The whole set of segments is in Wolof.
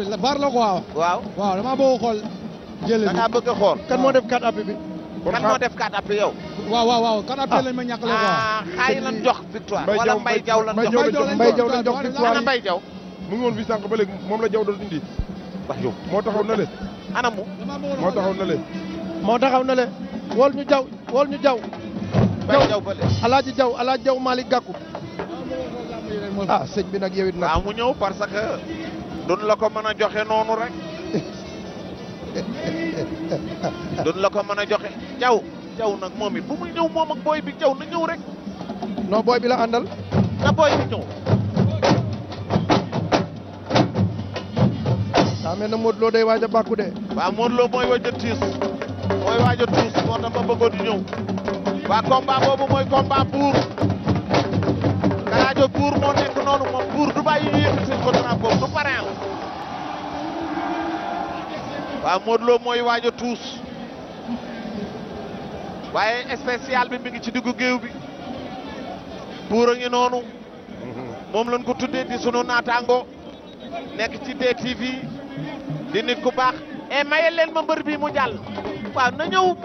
appui bi VAR la quoi. waaw waaw damaa bëgg xool. jëlee bi da ngaa bëgg a xool. kan moo def 4 appui bi. kan moo def 4 appui yow. waaw waaw waaw 4 appui lañ ma ñàkkalee quoi. ah xaay lan jox victoire. wala Mbaye Diaw lan mu ngi woon fii ba léegi moom la Diaw doon indi. wax yow moo taxaw na le. anamu. moo taxaw na le. moo taxaw na le. wol ñu Diaw wol ñu Diaw. Mbaye Diaw bële Alaaji Diaw Alaaji Diaw Malick ah sëñ bi nag yow it nag. duñ la ko mën a joxe noonu rek duñ la ko mën a joxe jaw jaw nag moom it bu muy ñëw moom booy bi jaw na rek non booy bi la àndal na booy bi ñëw daa mel na Modou Lo day de waaw Modou mooy waaj tiis mooy waaj tiis moo tax ma bëggoon di ñëw waa combat boobu mooy combat buur que buur moo nekk noonu moom buur du bàyyi ñu yëkkati ko drapeau du parrain waaw Modou Lo mooy waaj a tuus waaye spécial bi mi ngi ci diggu géew bi buur a ngi noonu moom lañ ko tuddee di sunu naataango nekk ci DTV di nit ku baax e eh, maye ma mbër bi mu jàll waaw na ñëw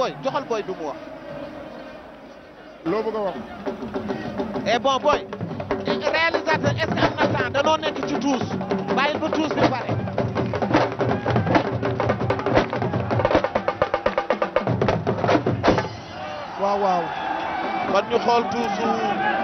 booy joxal booy du mu wax. loo bëgg wax. et eh, bon booy. réalisateur est-ce na temps danoo nekk ci tuus bàyyil ba tuus bi pare. waaw waaw. kon ñu xool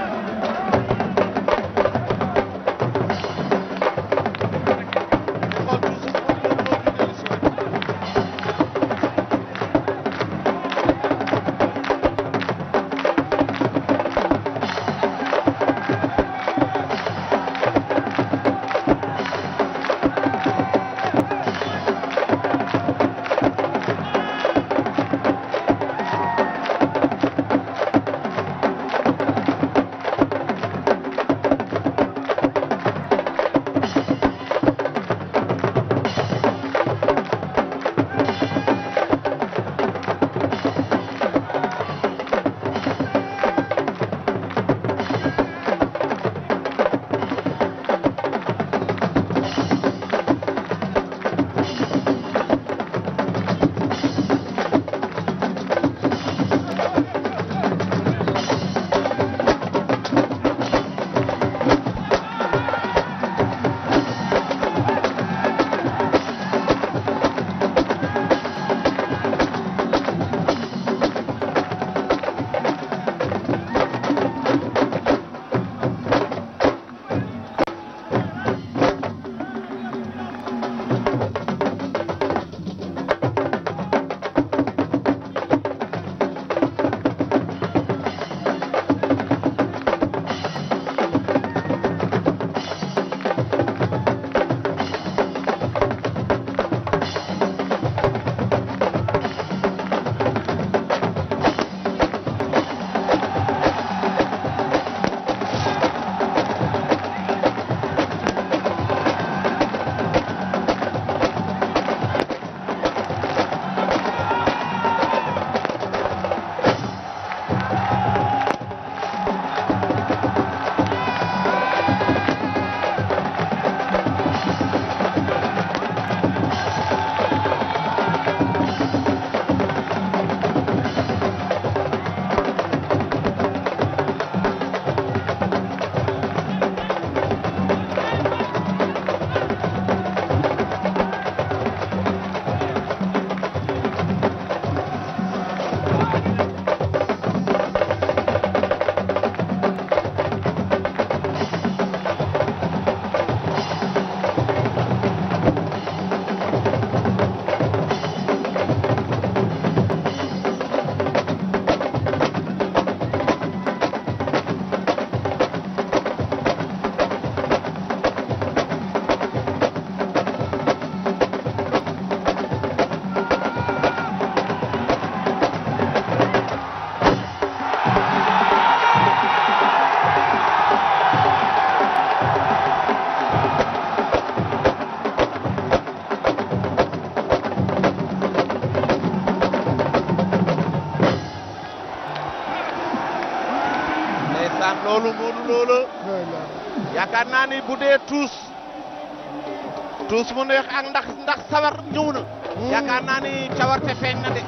yaakaar naa ni bu dee tuus tuus mu neex ak ndax ndax sawar ñëw na. Hmm. yaakaar naa ni cawarte feeñ na de.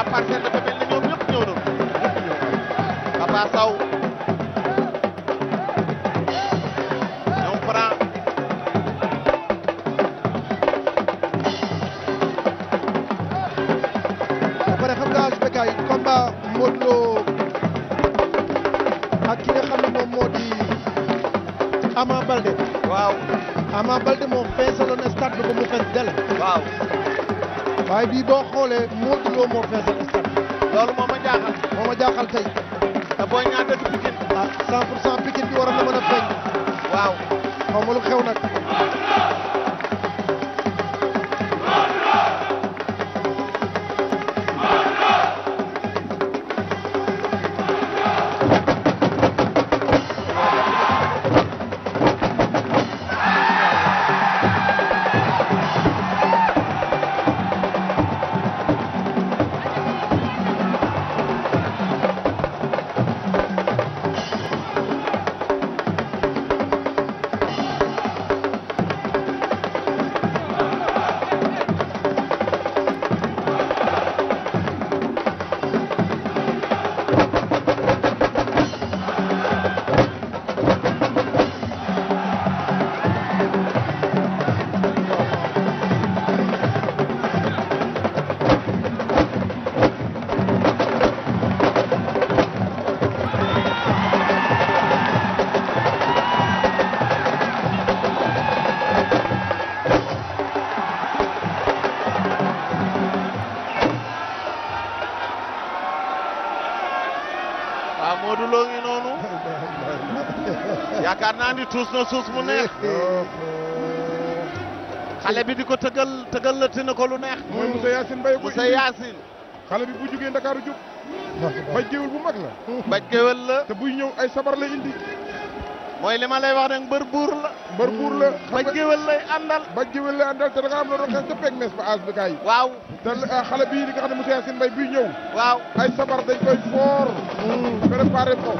waa parcelle dafa mel ni ñoom ñëpp ñëw na Papa Sow ñoom Franc ba pare xam nga békay combat Modou Lo ak ki nga xam ne moom moo di Ama Baldé waaw Ama Baldé waaye bii boo xoolee Modou Lo moo feesal stade loolu moo ma jaaxal. moo ma jaaxal tey. te booy ñaan dëkk Pikine. ah 100 pour 100 Pikine bi waroon na mën a feeñ. waaw xaw ma lu xew nag. yaakaar naa ni tuus na suus mu neex xale bi di ko tëgal tëgal la tina ko lu neex. mooy Moussa Yacine Mbaye Moussa Yacine. xale bi bu jugee Ndakaaru jub. baj géwél bu mag la. baj géwél la. te buy ñëw ay sabar la indi. mooy li ma lay wax nag mbër buur la. mbër buur la mm. baj géwél lay àndal. baj géwél lay àndal te da nga am loolu xel te peeg nees ba aas bi kaay. waaw xale bii di nga xam ne Moussa Yacine Mbaye buy ñëw. waaw ay sabar dañ koy foor. Mm. préparé ko.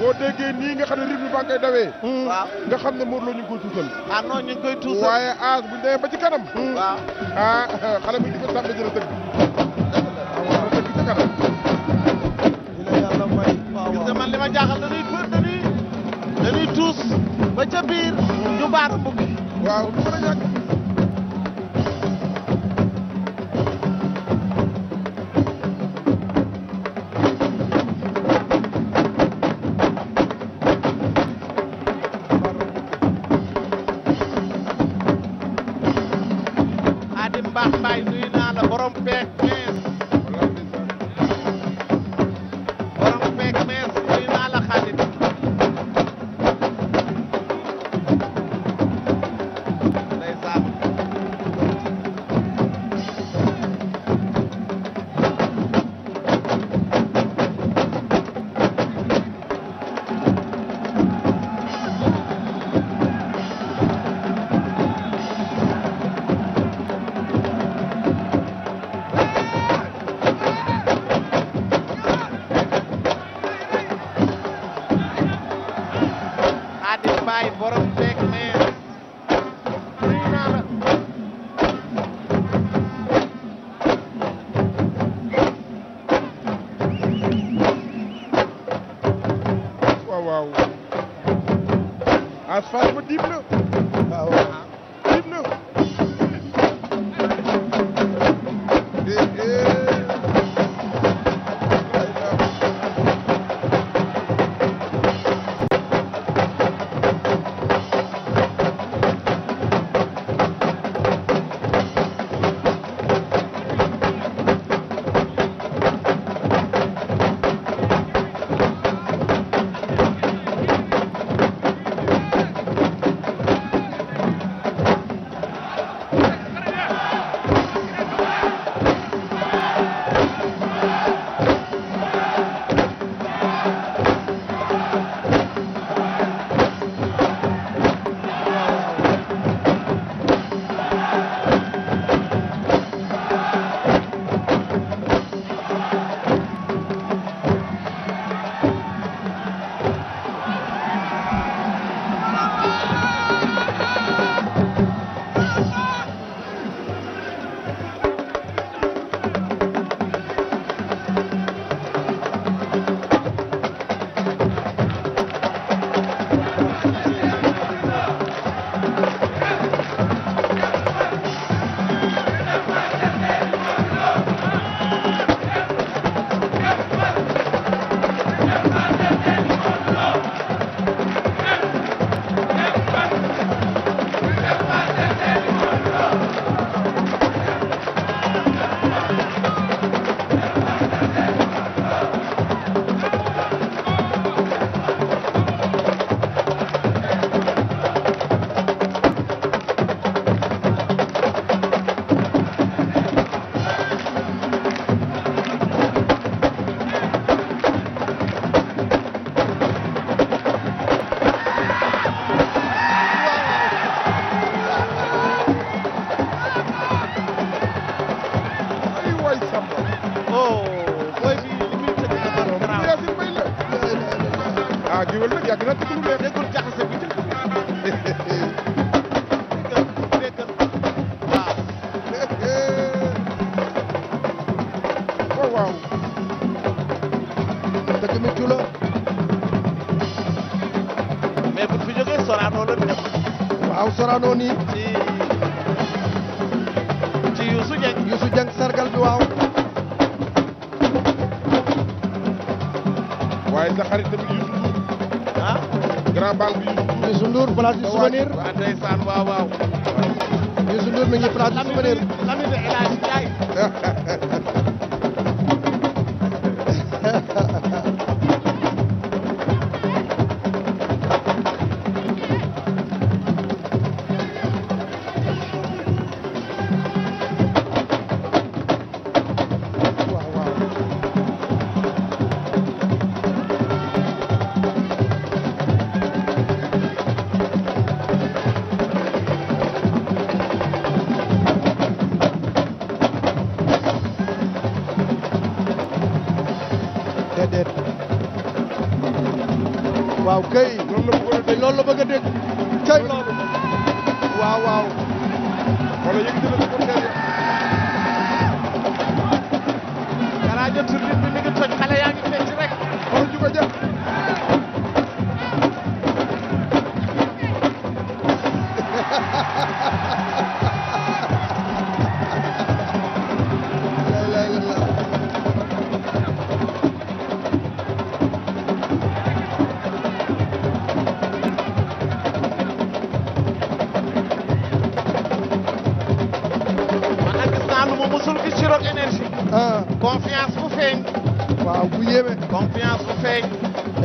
boo déggee nii nga xam ne rythme baa ngay dawee. Hmm. nga xam ne Modou Lo ñu ngi tuusal. ah non ñu tuusal waaye ah bu ñu demee ba ci kanam. Hmm. waaw ah xale bi di ko tuus ba ca biir ñu baara waaw du mën a crédible Sorano la def. waaw Sorano nii. ci ci Youssou Dieng. bi waaw. waaye sa xarit tamit Youssou Ndour. Ah? bi Youssou Ndour. Youssou Ndour place du souvenir. waaw waaw waaw. Youssou Ndour mi ngi place du souvenir. Lamine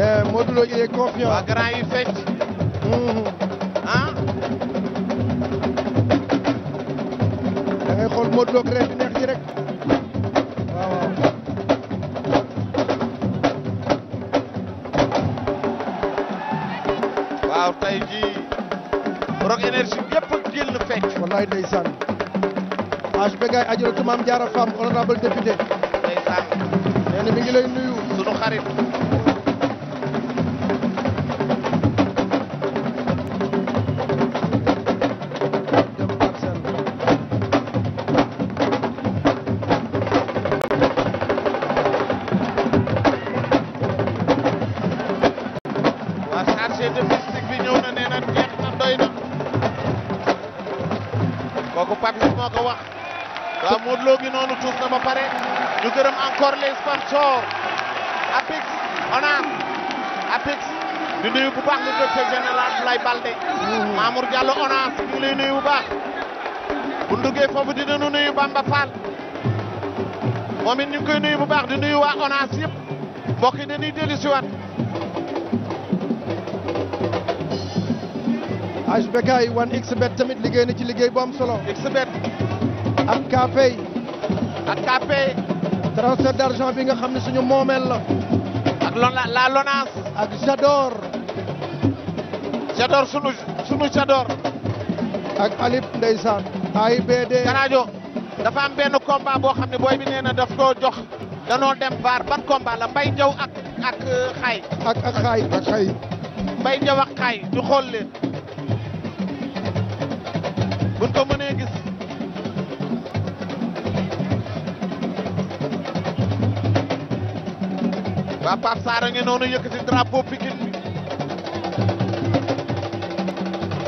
Eh, Modou Lo il est confiant. waa grand yi fecc. Mm-hmm. ah. da ngay xool Modou Lo rek neex ji rek. waaw waaw. waaw tey jii. Rock Énergie yëpp génn fecc. wallaay ndeysaan. age begaay ajurat maam Diarra Fam honorable député. ndeysaan. nee na mi ngi lay nuyu. sunu xarit. moo ko wax waaw Modou Lo gi noonu tuuf na ba ñu gërëm encore les sponsors Apex ONAS Apex di nuyu bu baax le directeur général Abdoulaye Baldé Mamour Diallo ONAS ñu nuyu bu baax bu duggee di nu nuyu Bamba Fall moom it ñu koy nuyu bu di nuyu waa ONAS yëpp mbokk yi dañuy dellu si waat HBK wan XBET tamit liggéey na ci liggéey bu am solo. XBET. ak KPay. ak KPay. transfert d'argent bi nga xam ne suñu moomeel la. ak ak Jador. Jador sunu sunu Jador. ak Alip ndeysaan AIBD Garaajo dafa am benn combat boo xam ne booy bi nee na daf koo jox. danoo dem vaar ban combat la Mbaye Ndiaw ak xaay. ak xaay euh, ak xaay. Mbaye Ndiaw ak xaay ñu xool leen. buñ ko mënee gis waa Pape Sarr ngi noonu yëkkati drapeau Pikine bi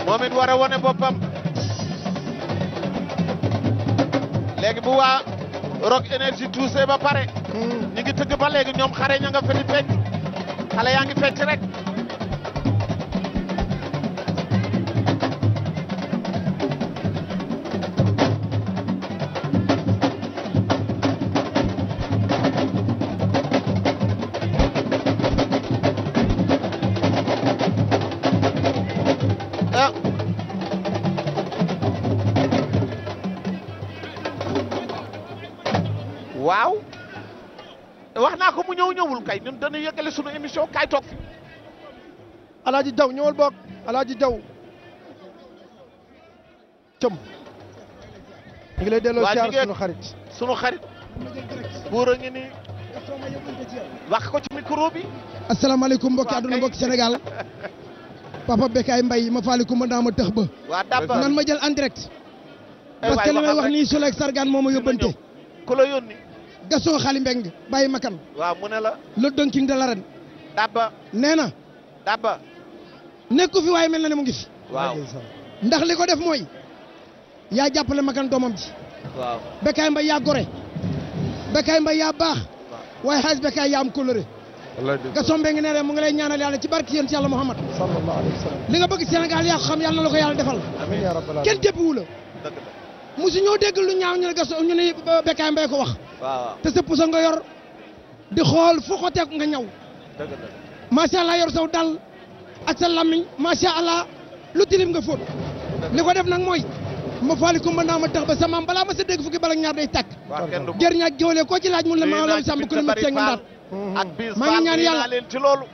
moom it war a wane boppam léegi bu waa Rock Énergie tuusee ba pare hmm. ñu ngi tëgg ba léegi ñoom xare ña nga fa fecc xale yaa ngi fecc rek ñëw ñëwul kay ñun dañuy yëgale sunu émission kaay toog Alaaji Jaw ñëwal boog Alaaji Jaw cëm. ñu ngi lay delloo sunu xarit sunu xarit. buur a ngi nii. wax ko ci micro bi. asalaamaaleykum mbokki àdduna mbokki Sénégal. papa Bekay Mbaye ma faaliku ma naa tëx ba. nan ma jël en direct. Eh, parce que li may wax nii su leeg sargaan moo ma yóbbante. ku la yónni. Gaston Xali Mbeng bàyyi ma kan. waaw mu ne la. le Don de l'arène. Dabba. nee na. Dabba. nekku fi waaye mel na ne mu ngi ndax li ko def mooy. yaa jàppale ma kan doomam ji. waaw Bécaye Mbaye yaa gore. Bécaye Mbaye yaa baax. waaye xaalis Bécaye yaa am coloré. Gaston Mbengue nee na mu ngi lay ñaanal yàlla ci barki yéen ci yàlla Muhammad sallallahu alayhi wa sallam li nga bëgg Sénégal yaa xam yàlla na la ko defal. amiin yaa rabbal aalamiin kenn jëppiwu la. dëgg la ñoo dégg lu ñaaw ñu ne Gaston ñu ko wax. waaw te sa puso nga yor di xool foo ko teg nga ñaw. dëgg la allah yor saw dal ak sa lamiñ macha allah lu tilim nga fóot. li ko def nag mooy. ma faali ko mën naa ma tax ba sama balaa ma sa dégg fukki bala ñaar day tàkk. waaw kenn du ko jërëjëf koo ci laaj mun la maa ngi lay sàmm ku ne ma teg ndaat. ak bis maa ngi ñaan yàlla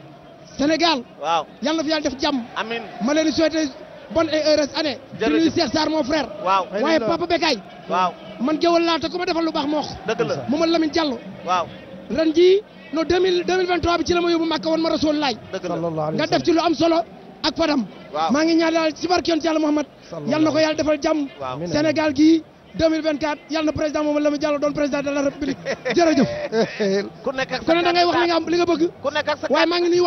Sénégal. waaw yàlla na fi yàlla def jàmm. ma leen di bonne et heureuse année. jërëjëf di nuyu Cheikh Sarr waaye Papa Bekay. man géwal laa te ku ma defal lu baax moo ko. dëgg la Momadou Lamine Diallo. waaw ren jii no deux mille vingt trois bi ci la ma yóbbu Màkka woon ma rasul laay. nga def ci lu am solo ak Fadam. maa ngi ñaan daal ci barke yonent Yàlla Muhammad. yal na ko yàlla defal jàmm. Sénégal gii. 2024 yal na président moom la jàll doon président de la république jërëjëf. ku nekk ak ngay wax li nga bëgg. waaye maa ngi nuyu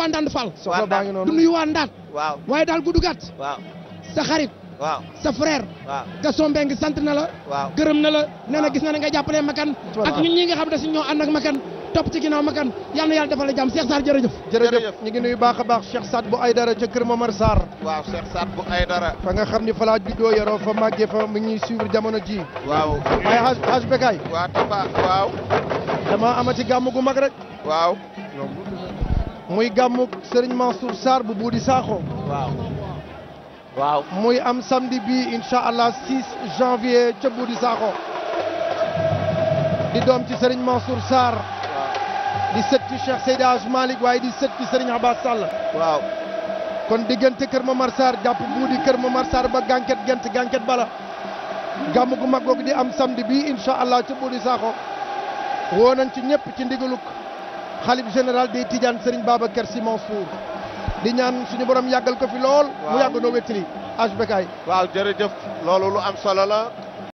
waa sa xarit. waaw sa frère. waaw Gaston Mbengue sant na la. waaw gërëm na la nee na gis na ne nga jàppale Makan. ak ñun ñi nga xam ne si ñoo ànd ak Makan topp ci ginnaaw Makan yal na yàlla defal la jàmm Cheikh Sarr jërëjëf. jërëjëf ñu ngi nuyu baax a baax Cheikh Sarr bu Aydara ca kër Momar Sarr. waaw Cheikh Sarr bu nga xam ni fa laa juddoo yaroo fa màggee fa mu ñuy suivre jamono ji waaw waaye xaaj xaaj Bekaay. waaw Tamba waaw. dama amati gàmm gu mag rek. waaw. muy gàmmu Serigne Mansour Sarr bu Buudi saaxo waaw. waaw muy am samedi bi incha allah 6 janvier ca di Sakho di doom ci Serigne Mansour Sarr. di sët ci Cheikh Seydi Hadj waaye di sët ci Serigne Abbas kon diggante Kër Momar Sarr jàpp Kër Momar Sarr ba gànket gent gànket bala. gàmm gu mag googu di am samedi bi incha allah ca Boury Sakho woo nañ ci ñëpp ci ndigaluk xalif général des Tidiane Serigne Babacar Sy Mansour di ñaan suñu borom yàggal ko fi lool. mu yàgg noo wéttali HBK. waaw jërëjëf loolu lu am solo la.